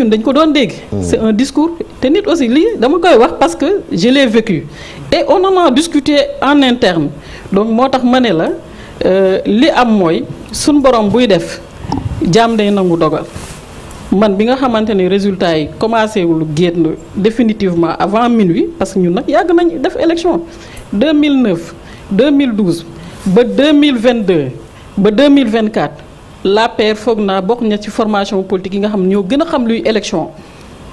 Hmm. c'est un discours aussi parce que je l'ai vécu et on en a discuté en interne donc moi, tax ma ne la euh, li am mooy suñ borom buy man bi nga yi commencé wul définitivement avant minuit parce que ñun nak yag nañ def élection 2009 2012 ba 2022 ba 2024 la La faut que bokk na une formation politique yi nga xam ñoo a xam luy élection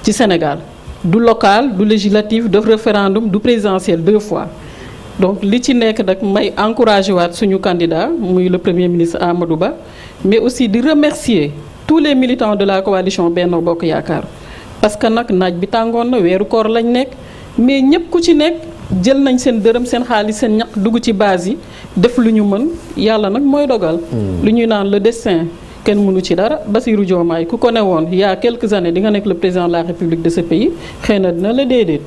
ci Sénégal du local du législatif du référendum du présidentiel deux fois donc li ci nekk nak may encourager waat suñu candidat muy le premier ministre Amadou Ba mais aussi de remercier tous les militants de la coalition Benno Bokk Yakar parce que nous naaj bi tàngoon na koor lañ nekk mais nous ku ci nekk. jël nañ seen dërëm seen xaalis seen ñaq dugg ci base yi def lu ñu mën yàlla nag mooy dogal. Hmm. lu ñuy naan le destin kenn mënu ci dara Bassirou Diomaye ku ko ne woon il y a quelques années di nga nekk le président la république de ce pays xëy na dina la déedéet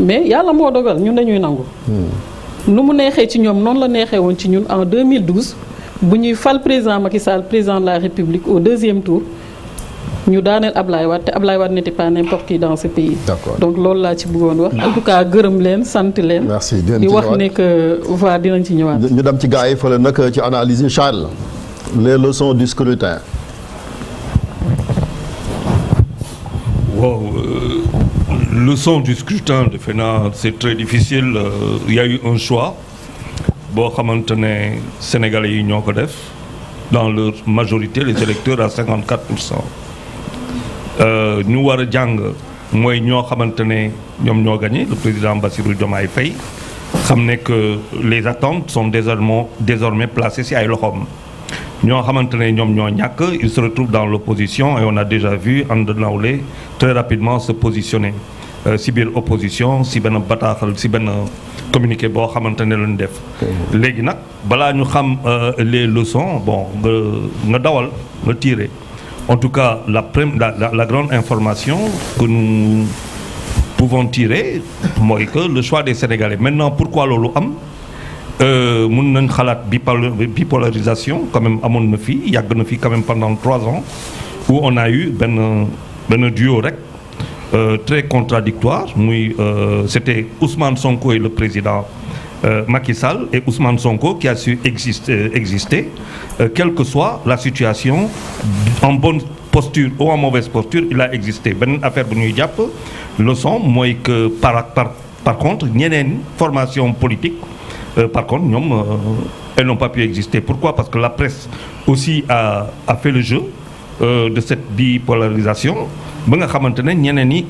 mais yàlla moo dogal ñun dañuy nangu. Hmm. nu mu neexee ci ñoom noonu la neexee woon ci ñun en 2012 bu ñuy fal président Macky Sall président la république au deuxième tour. ñu donnons Ablaye Wade n'était pas n'importe qui dans ce pays. donc lool la ci bëggoon en tout cas gërëm leen sant leen. di wax que voilà dinañ ci ñu ci ci Charles les leçons du scrutin. Euh, leçon du scrutin de Fénard, c'est très difficile euh, il y a eu un choix Bon, comment sénégalais Union-Codef, dans leur majorité les électeurs à 54 nous euh, avons a gagné le président Bassirou que les attentes sont désormais placées ci ay ñoo avons ñoo il se retrouve dans l'opposition et on a déjà vu Andy très rapidement se positionner si euh, opposition ci benn bataaxal communiqué nous xamante ne def nous avons euh, les leçons bon nga dawal tirer en tout cas, la, grande information que nous pouvons tirer moi, que le choix des Sénégalais maintenant pourquoi l'Oloham am Nous une une bipolarisation quand même à y y a quand même pendant trois ans où on a eu un duo euh, très contradictoire euh, c'était Ousmane Sonko et le président euh, Makisal et Ousmane Sonko qui a su euh, exister, euh, quelle que soit la situation, en bonne posture ou en mauvaise posture, il a existé. Ben affaire Bounou moi que par, contre, il formations a formation politique, par contre, elles n'ont pas pu exister. Pourquoi Parce que la presse aussi a, fait le jeu de cette bipolarisation. Ben,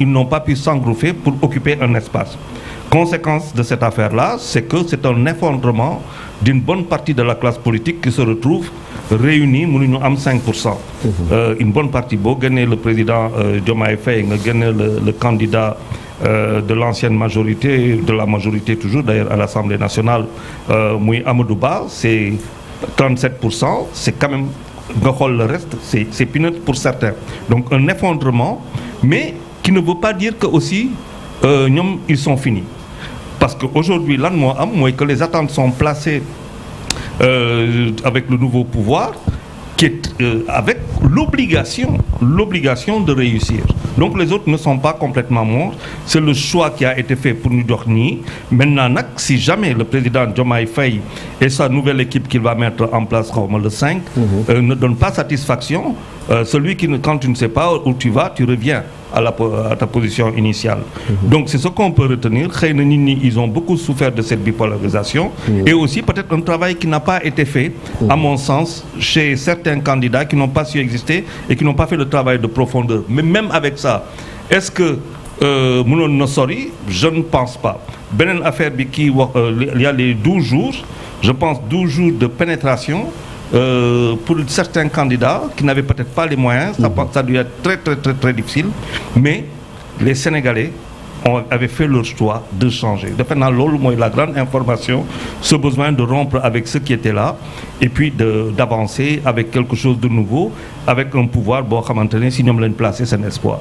ils n'ont pas pu s'engrouffer pour occuper un espace. Conséquence de cette affaire-là, c'est que c'est un effondrement d'une bonne partie de la classe politique qui se retrouve réunie, nous sommes 5%. une bonne partie, beau, le président euh, Diomaye Faye, le, le candidat euh, de l'ancienne majorité, de la majorité toujours d'ailleurs à l'Assemblée nationale, euh, Moui c'est 37%, c'est quand même, le reste, c'est peanut pour certains. Donc un effondrement, mais qui ne veut pas dire que aussi, euh, ils sont finis parce qu'aujourd'hui là, nous am que les attentes sont placées euh, avec le nouveau pouvoir qui est euh, avec l'obligation l'obligation de réussir donc les autres ne sont pas complètement morts c'est le choix qui a été fait pour nous dormir. maintenant si jamais le président Jomai Faye et sa nouvelle équipe qu'il va mettre en place comme le 5 mhm. euh, ne donnent pas satisfaction euh, celui qui, quand tu ne sais pas où tu vas, tu reviens à, ta position initiale. Mhm. Donc c'est ce qu'on peut retenir. Ils ont beaucoup souffert de cette bipolarisation mhm. et aussi peut-être un travail qui n'a pas été fait, mhm. à mon sens, chez certains candidats qui n'ont pas su exister et qui n'ont pas fait le travail de profondeur. Mais même avec ça, est-ce que euh, je ne pense pas. Benen Affaire Biki, euh, il y a les 12 jours, je pense 12 jours de pénétration euh, pour certains candidats qui n'avaient peut-être pas les moyens, ça, mhm. ça a dû être très très très très difficile, mais les Sénégalais ont, avaient fait leur choix de changer. De dans la grande information, ce besoin de rompre avec ce qui était là, et puis d'avancer avec quelque chose de nouveau, avec un pouvoir, bon, à maintenir, si nous place placer, c'est un espoir.